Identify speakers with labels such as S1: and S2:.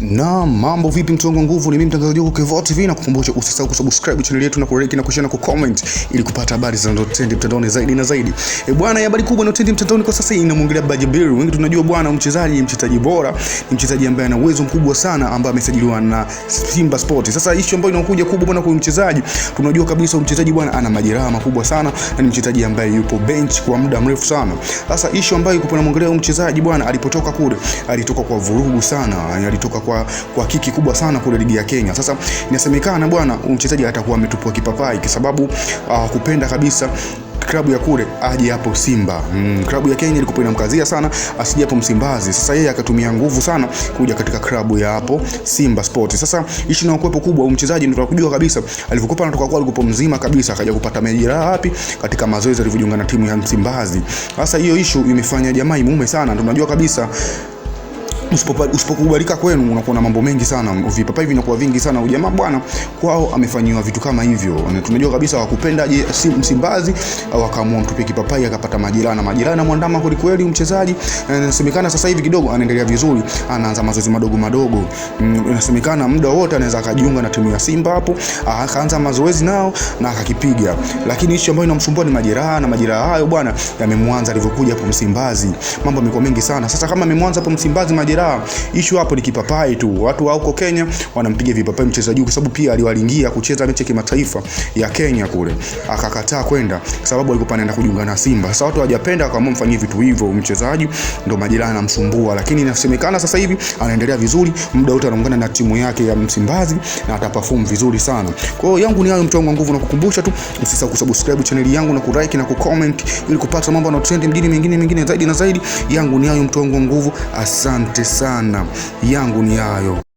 S1: Na mambo vipi mtu wangu nguvu, ni mimi mtangazaji wako Kevoo TV na kukumbusha usisahau kusubscribe channel yetu na ku like na ku share na ku comment ili kupata habari zinazotrend mtandaoni zaidi na zaidi. E bwana, habari kubwa inayotrend mtandaoni kwa sasa inamwongelea Bill. Wengi tunajua bwana, mchezaji mchezaji bora, ni mchezaji ambaye ana uwezo mkubwa sana ambaye amesajiliwa na Simba Sport. Sasa issue ambayo inakuja kubwa bwana kwa mchezaji, tunajua kabisa mchezaji bwana ana majeraha makubwa sana na ni mchezaji ambaye yupo bench kwa muda mrefu sana. Sasa issue ambayo iko inamwongelea mchezaji bwana, alipotoka kule alitoka kwa vurugu sana, alitoka kwa kwa, kwa kiki kubwa sana kule ligi ya Kenya. Sasa inasemekana bwana, mchezaji atakuwa ametupwa kipapai kwa sababu uh, ah, kupenda kabisa klabu ya kule aje hapo Simba. Mm, klabu ya Kenya ilikuwa inamkazia sana asije hapo Msimbazi. Sasa yeye akatumia nguvu sana kuja katika klabu ya hapo Simba Sports. Sasa ishi na ukwepo kubwa mchezaji ndio tunakujua kabisa. Alivyokupa anatoka kwa alikuwa mzima kabisa akaja kupata majeraha wapi katika mazoezi alivyojiunga na timu ya Msimbazi. Sasa hiyo issue imefanya jamaa imuume sana ndio tunajua kabisa usipokubalika kwenu unakuwa na mambo mengi sana vipapa hivi vinakuwa vingi sana ujamaa bwana kwao amefanyiwa vitu kama hivyo na tunajua kabisa wakupenda je si msimbazi akaamua mtupe kipapai akapata majira na majira na mwandama kweli kweli mchezaji eh, inasemekana sasa hivi kidogo anaendelea vizuri anaanza mazoezi madogo madogo mm, inasemekana muda wote anaweza akajiunga na timu ya Simba hapo ah, akaanza mazoezi nao na akakipiga lakini hicho ambayo inamsumbua ni majeraha na majeraha hayo bwana yamemwanza alivyokuja hapo Msimbazi mambo yamekuwa mengi sana sasa kama amemwanza hapo Msimbazi majeraha majeraha. Issue hapo ni kipapai tu. Watu wa huko Kenya wanampiga vipapai mchezaji kwa sababu pia aliwalingia kucheza mechi ya kimataifa ya Kenya kule. Akakataa kwenda sababu alikuwa anaenda kujiunga na Simba. Sasa watu hawajapenda akaamua mfanyie vitu hivyo mchezaji, ndo majeraha anamsumbua, lakini inasemekana sasa hivi anaendelea vizuri, muda wote anaungana na timu yake ya Msimbazi na atapafumu vizuri sana. Kwa hiyo yangu ni hayo, mtu wangu wa nguvu, na kukumbusha tu usisahau kusubscribe channel yangu na kulike na kucomment ili kupata mambo na trend mjini mengine mengine zaidi na zaidi. Yangu ni hayo, mtu wangu wa nguvu, asante sana. Yangu ni hayo.